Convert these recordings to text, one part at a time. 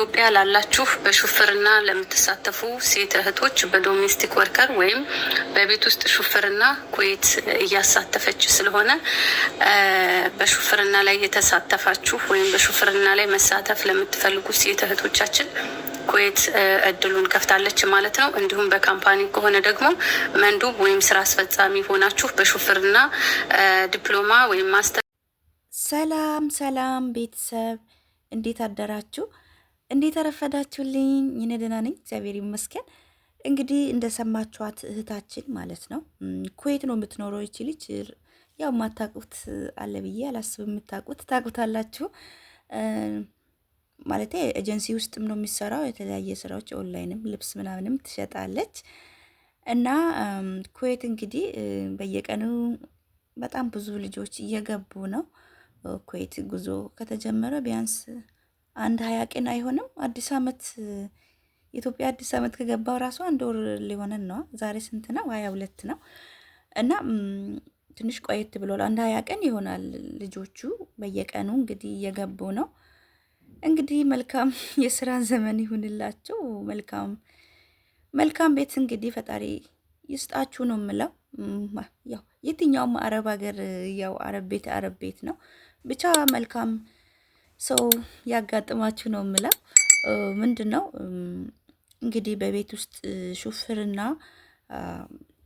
ኢትዮጵያ ላላችሁ በሹፍርና ለምትሳተፉ ሴት እህቶች በዶሜስቲክ ወርከር ወይም በቤት ውስጥ ሹፍርና ኩዌት እያሳተፈች ስለሆነ በሹፍርና ላይ የተሳተፋችሁ ወይም በሹፍርና ላይ መሳተፍ ለምትፈልጉ ሴት እህቶቻችን ኩዌት እድሉን ከፍታለች ማለት ነው። እንዲሁም በካምፓኒ ከሆነ ደግሞ መንዱብ ወይም ስራ አስፈጻሚ ሆናችሁ በሹፍርና ዲፕሎማ ወይም ማስተር። ሰላም ሰላም ቤተሰብ እንዴት አደራችሁ? እንዴት አረፈዳችሁልኝ? እኔ ደህና ነኝ፣ እግዚአብሔር ይመስገን። እንግዲህ እንደሰማችኋት እህታችን ማለት ነው ኩዌት ነው የምትኖረው ይቺ ልጅ። ያው የማታውቁት አለ ብዬ አላስብም፣ የምታውቁት ታውቁታላችሁ። ማለት ኤጀንሲ ውስጥም ነው የሚሰራው፣ የተለያየ ስራዎች ኦንላይንም ልብስ ምናምንም ትሸጣለች። እና ኩዌት እንግዲህ በየቀኑ በጣም ብዙ ልጆች እየገቡ ነው። ኩዌት ጉዞ ከተጀመረ ቢያንስ አንድ ሀያ ቀን አይሆንም። አዲስ አመት ኢትዮጵያ አዲስ አመት ከገባው ራሱ አንድ ወር ሊሆነን ነው። ዛሬ ስንት ነው? ሀያ ሁለት ነው እና ትንሽ ቆየት ብሏል። አንድ ሀያ ቀን ይሆናል። ልጆቹ በየቀኑ እንግዲህ እየገቡ ነው። እንግዲህ መልካም የስራ ዘመን ይሁንላቸው። መልካም መልካም ቤት እንግዲህ ፈጣሪ ይስጣችሁ ነው የምለው። ያው የትኛውም አረብ ሀገር ያው አረብ ቤት አረብ ቤት ነው ብቻ መልካም ሰው ያጋጥማችሁ ነው የምለው። ምንድን ነው እንግዲህ በቤት ውስጥ ሹፍርና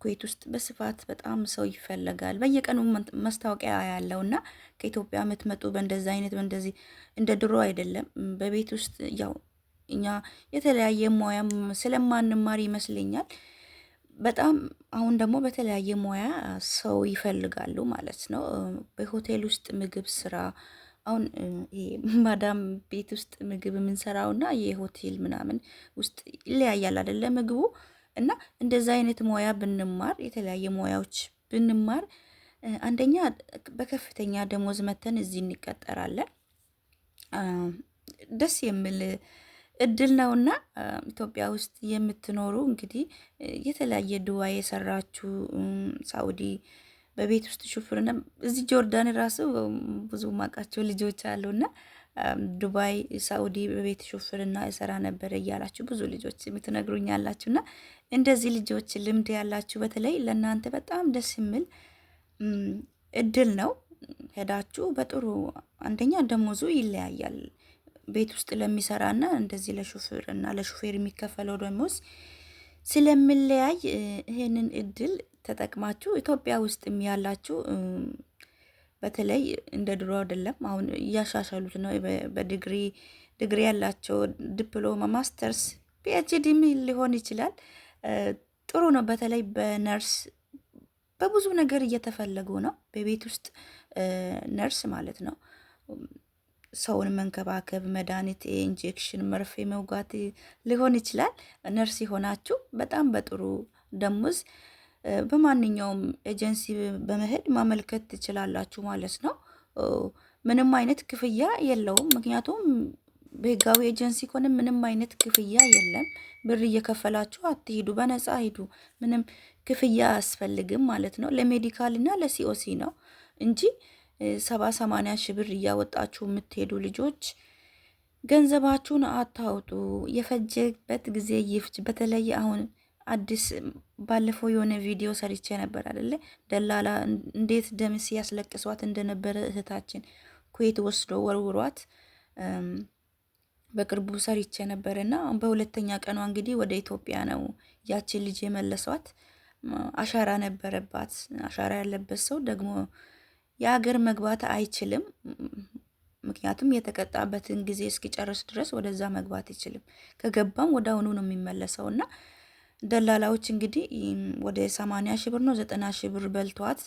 ኩዌት ውስጥ በስፋት በጣም ሰው ይፈለጋል። በየቀኑ ማስታወቂያ ያለው እና ከኢትዮጵያ የምትመጡ በእንደዚህ አይነት በእንደዚህ እንደ ድሮ አይደለም። በቤት ውስጥ ያው እኛ የተለያየ ሙያ ስለማንማር ይመስለኛል በጣም አሁን ደግሞ በተለያየ ሙያ ሰው ይፈልጋሉ ማለት ነው። በሆቴል ውስጥ ምግብ ስራ አሁን ይሄ ማዳም ቤት ውስጥ ምግብ የምንሰራው የምንሰራውና የሆቴል ምናምን ውስጥ ይለያያል አይደለ? ምግቡ እና እንደዛ አይነት ሙያ ብንማር የተለያየ ሙያዎች ብንማር አንደኛ በከፍተኛ ደሞዝ መተን እዚህ እንቀጠራለን። ደስ የሚል እድል ነው። ነውና ኢትዮጵያ ውስጥ የምትኖሩ እንግዲህ የተለያየ ድዋ የሰራችሁ ሳውዲ በቤት ውስጥ ሹፍርና እዚህ ጆርዳን ራሱ ብዙ ማውቃቸው ልጆች አሉና ዱባይ፣ ሳኡዲ በቤት ሹፍርና እሰራ ነበር እያላችሁ ብዙ ልጆች የምትነግሩኝ ያላችሁና እንደዚህ ልጆች ልምድ ያላችሁ በተለይ ለእናንተ በጣም ደስ የሚል እድል ነው። ሄዳችሁ በጥሩ አንደኛ ደሞዙ ይለያያል። ቤት ውስጥ ለሚሰራና እንደዚህ ለሹፍርና ለሹፌር የሚከፈለው ደሞዝ ስለምለያይ ይህንን እድል ተጠቅማችሁ ኢትዮጵያ ውስጥም ያላችሁ በተለይ እንደ ድሮ አይደለም። አሁን እያሻሻሉት ነው። በዲግሪ ዲግሪ ያላቸው ዲፕሎማ፣ ማስተርስ፣ ፒኤችዲም ሊሆን ይችላል። ጥሩ ነው። በተለይ በነርስ በብዙ ነገር እየተፈለጉ ነው። በቤት ውስጥ ነርስ ማለት ነው። ሰውን መንከባከብ፣ መድኃኒት፣ ኢንጀክሽን፣ መርፌ መውጋት ሊሆን ይችላል። ነርስ የሆናችሁ በጣም በጥሩ ደሞዝ በማንኛውም ኤጀንሲ በመሄድ ማመልከት ትችላላችሁ ማለት ነው። ምንም አይነት ክፍያ የለውም። ምክንያቱም በህጋዊ ኤጀንሲ ከሆነ ምንም አይነት ክፍያ የለም። ብር እየከፈላችሁ አትሂዱ፣ በነፃ ሂዱ። ምንም ክፍያ አያስፈልግም ማለት ነው። ለሜዲካል እና ለሲኦሲ ነው እንጂ ሰባ ሰማንያ ሺህ ብር እያወጣችሁ የምትሄዱ ልጆች ገንዘባችሁን አታውጡ። የፈጀበት ጊዜ ይፍጅ። በተለይ አሁን አዲስ ባለፈው የሆነ ቪዲዮ ሰርቼ ነበር አይደለ? ደላላ እንዴት ደም ሲያስለቅሷት እንደነበረ እህታችን ኩዌት ወስዶ ወርውሯት በቅርቡ ሰርቼ ነበር እና በሁለተኛ ቀኗ እንግዲህ ወደ ኢትዮጵያ ነው ያችን ልጅ የመለሷት። አሻራ ነበረባት። አሻራ ያለበት ሰው ደግሞ የሀገር መግባት አይችልም። ምክንያቱም የተቀጣበትን ጊዜ እስኪጨርስ ድረስ ወደዛ መግባት አይችልም። ከገባም ወደ አሁኑ ነው የሚመለሰው እና ደላላዎች እንግዲህ ወደ 80 ሺህ ብር ነው 90 ሺህ ብር በልቷት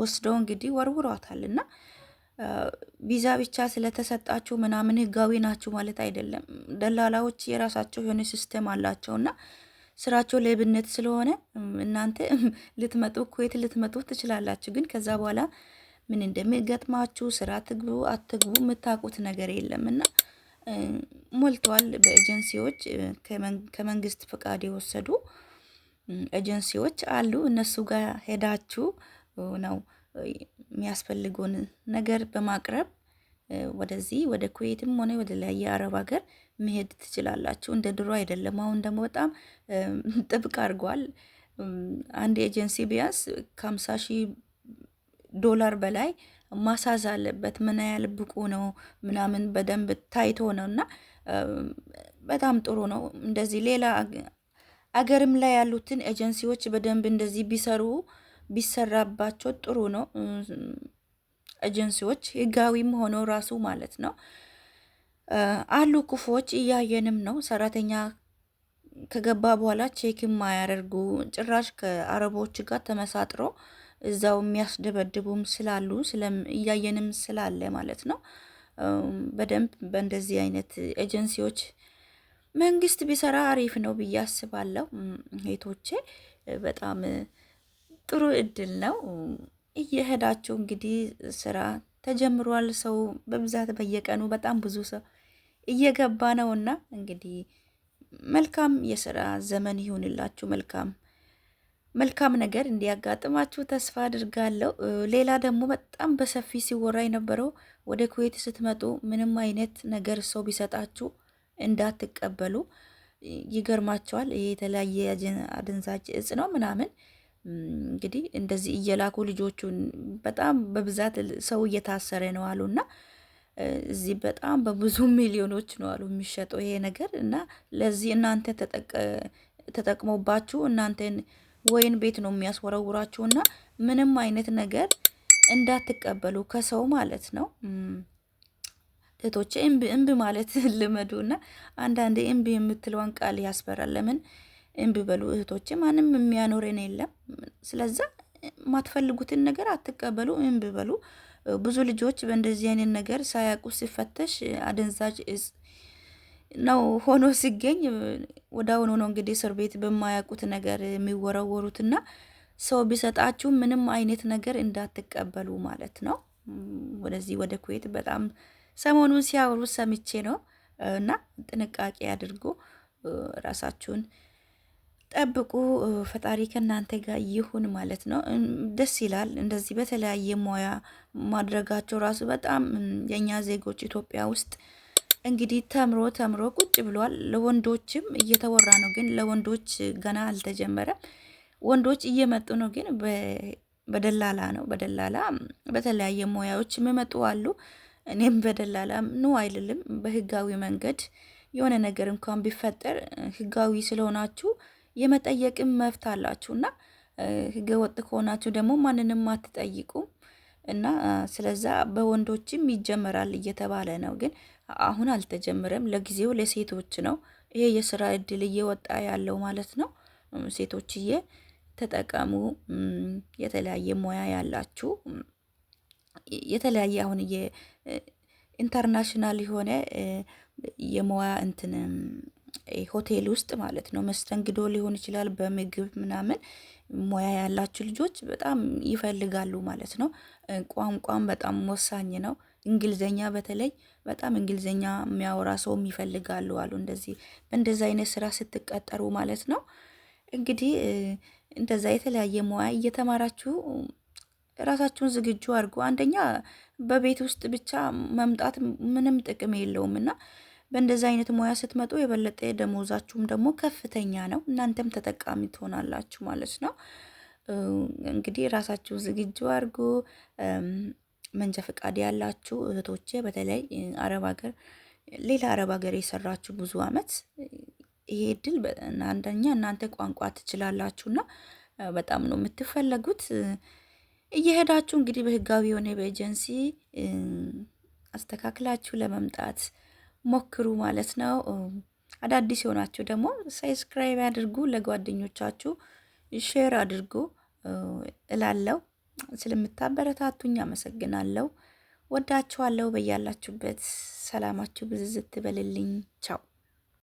ወስደው እንግዲህ ወርውሯታል። እና ቪዛ ብቻ ስለተሰጣችሁ ምናምን ህጋዊ ናችሁ ማለት አይደለም። ደላላዎች የራሳቸው የሆነ ሲስተም አላቸው እና ስራቸው ሌብነት ስለሆነ እናንተ ልትመጡ ኩዌት ልትመጡ ትችላላችሁ፣ ግን ከዛ በኋላ ምን እንደሚገጥማችሁ ስራ ትግቡ አትግቡ የምታውቁት ነገር የለም እና ሞልተዋል። በኤጀንሲዎች ከመንግስት ፈቃድ የወሰዱ ኤጀንሲዎች አሉ። እነሱ ጋር ሄዳችሁ ነው የሚያስፈልጉን ነገር በማቅረብ ወደዚህ ወደ ኩዌትም ሆነ ወደ አረብ ሀገር መሄድ ትችላላችሁ። እንደ ድሮ አይደለም። አሁን ደግሞ በጣም ጥብቅ አድርጓል። አንድ ኤጀንሲ ቢያንስ ከሀምሳ ሺህ ዶላር በላይ ማሳዝ አለበት። ምን ያህል ብቁ ነው ምናምን በደንብ ታይቶ ነው እና በጣም ጥሩ ነው። እንደዚህ ሌላ አገርም ላይ ያሉትን ኤጀንሲዎች በደንብ እንደዚህ ቢሰሩ ቢሰራባቸው ጥሩ ነው። ኤጀንሲዎች ህጋዊም ሆኖ ራሱ ማለት ነው አሉ ክፎች እያየንም ነው። ሰራተኛ ከገባ በኋላ ቼክ የማያደርጉ ጭራሽ ከአረቦች ጋር ተመሳጥሮ እዛው የሚያስደበድቡም ስላሉ እያየንም ስላለ ማለት ነው። በደንብ በእንደዚህ አይነት ኤጀንሲዎች መንግስት ቢሰራ አሪፍ ነው ብዬ አስባለሁ። ሄቶቼ በጣም ጥሩ እድል ነው። እየሄዳችሁ እንግዲህ ስራ ተጀምሯል። ሰው በብዛት በየቀኑ በጣም ብዙ ሰው እየገባ እና እንግዲህ መልካም የስራ ዘመን ይሁንላችሁ። መልካም መልካም ነገር እንዲያጋጥማችሁ ተስፋ አድርጋለሁ። ሌላ ደግሞ በጣም በሰፊ ሲወራ የነበረው ወደ ኩዌት ስትመጡ ምንም አይነት ነገር ሰው ቢሰጣችሁ እንዳትቀበሉ። ይገርማቸዋል። ይሄ የተለያየ አደንዛዥ እጽ ነው ምናምን እንግዲህ እንደዚህ እየላኩ ልጆቹን በጣም በብዛት ሰው እየታሰረ ነው አሉ እና እዚህ በጣም በብዙ ሚሊዮኖች ነው አሉ የሚሸጠው ይሄ ነገር እና ለዚህ እናንተ ተጠቅመውባችሁ እናንተን ወይን ቤት ነው የሚያስወረውራችሁና ምንም አይነት ነገር እንዳትቀበሉ ከሰው ማለት ነው። እህቶቼ እምቢ ማለት ልመዱ እና አንዳንዴ እምቢ የምትለውን ቃል ያስፈራል። ለምን እምቢ በሉ እህቶቼ፣ ማንም የሚያኖረን የለም። ስለዛ የማትፈልጉትን ነገር አትቀበሉ፣ እምቢ በሉ። ብዙ ልጆች በእንደዚህ አይነት ነገር ሳያውቁ ሲፈተሽ አደንዛዥ እጽ ነው ሆኖ ሲገኝ ወደ አሁኑ ነው እንግዲህ እስር ቤት በማያውቁት ነገር የሚወረወሩትና ሰው ቢሰጣችሁ ምንም አይነት ነገር እንዳትቀበሉ ማለት ነው። ወደዚህ ወደ ኩዌት በጣም ሰሞኑን ሲያወሩ ሰምቼ ነው እና ጥንቃቄ አድርጎ ራሳችሁን ጠብቁ። ፈጣሪ ከእናንተ ጋር ይሁን ማለት ነው። ደስ ይላል እንደዚህ በተለያየ ሙያ ማድረጋቸው ራሱ በጣም የእኛ ዜጎች ኢትዮጵያ ውስጥ እንግዲህ ተምሮ ተምሮ ቁጭ ብሏል። ለወንዶችም እየተወራ ነው፣ ግን ለወንዶች ገና አልተጀመረም። ወንዶች እየመጡ ነው፣ ግን በደላላ ነው። በደላላ በተለያየ ሙያዎች የሚመጡ አሉ። እኔም በደላላ ኑ አይልልም። በህጋዊ መንገድ የሆነ ነገር እንኳን ቢፈጠር ህጋዊ ስለሆናችሁ የመጠየቅም መብት አላችሁ እና ህገ ወጥ ከሆናችሁ ደግሞ ማንንም አትጠይቁም እና ስለዛ በወንዶችም ይጀመራል እየተባለ ነው ግን አሁን አልተጀመረም። ለጊዜው ለሴቶች ነው ይሄ የስራ እድል እየወጣ ያለው ማለት ነው። ሴቶችዬ ተጠቀሙ። የተለያየ ሙያ ያላችሁ የተለያየ አሁን ኢንተርናሽናል የሆነ የሙያ እንትን ሆቴል ውስጥ ማለት ነው መስተንግዶ ሊሆን ይችላል፣ በምግብ ምናምን ሙያ ያላችሁ ልጆች በጣም ይፈልጋሉ ማለት ነው። ቋንቋም በጣም ወሳኝ ነው። እንግሊዘኛ በተለይ በጣም እንግሊዘኛ የሚያወራ ሰውም ይፈልጋሉ አሉ። እንደዚህ በእንደዚ አይነት ስራ ስትቀጠሩ ማለት ነው። እንግዲህ እንደዛ የተለያየ ሙያ እየተማራችሁ ራሳችሁን ዝግጁ አድርጎ አንደኛ በቤት ውስጥ ብቻ መምጣት ምንም ጥቅም የለውም እና በእንደዚህ አይነት ሙያ ስትመጡ የበለጠ ደሞዛችሁም ደግሞ ከፍተኛ ነው። እናንተም ተጠቃሚ ትሆናላችሁ ማለት ነው። እንግዲህ ራሳችሁን ዝግጁ አድርጉ። መንጃ ፈቃድ ያላችሁ እህቶቼ በተለይ አረብ ሀገር፣ ሌላ አረብ ሀገር የሰራችሁ ብዙ አመት ይሄ እድል አንደኛ እናንተ ቋንቋ ትችላላችሁና በጣም ነው የምትፈለጉት። እየሄዳችሁ እንግዲህ በህጋዊ የሆነ በኤጀንሲ አስተካክላችሁ ለመምጣት ሞክሩ ማለት ነው። አዳዲስ የሆናችሁ ደግሞ ሳስክራይብ አድርጉ፣ ለጓደኞቻችሁ ሼር አድርጉ እላለሁ። ስለምታበረታቱኝ አመሰግናለሁ። ወዳችኋለሁ። በያላችሁበት ሰላማችሁ ብዝዝት በልልኝ። ቻው